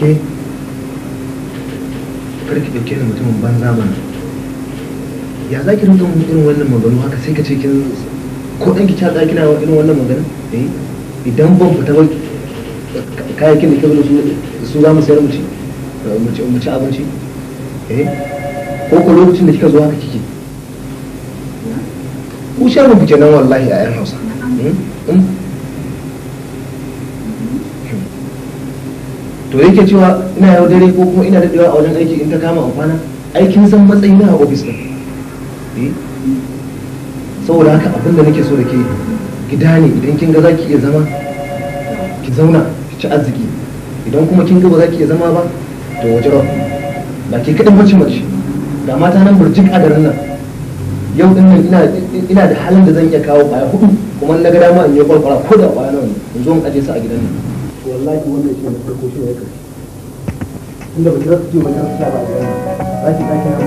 ɗauke farki ɗauke ni mutumin banza ba ya za ki rinka mun irin wannan maganu haka sai ka ce kin ko ɗan ki ta kina irin wannan maganu eh idan ban fita ba kayakin da ke gudu su za mu sayar mu ci abinci eh ko ko lokacin da kika zo haka kike ku sha mu fice nan wallahi a yan hausa hmm? Hmm? to yake cewa ina yau dare ko kuma ina daɗewa a wajen aiki in ta kama amfana, aikin san matsayi na a ofis ɗin eh? saboda haka abin da nake so da ke gida ne idan kin ga za ki iya zama ki zauna ki ci arziki idan kuma kin ga ba za ki iya zama ba to waje ba ba ke kaɗan mace mace Da mata nan burjik a garin nan yau din nan ina da halin da zan iya kawo ƙwaya hudu kuma na ga dama in yi kwalkwala ko da ƙwaya nawa ne in zo in aje su a gidan nan wallahi wannan shi ne farko shi ne ya karshe inda ba ki rasa ciwo ba ki rasa ba ki ɗaki ɗaki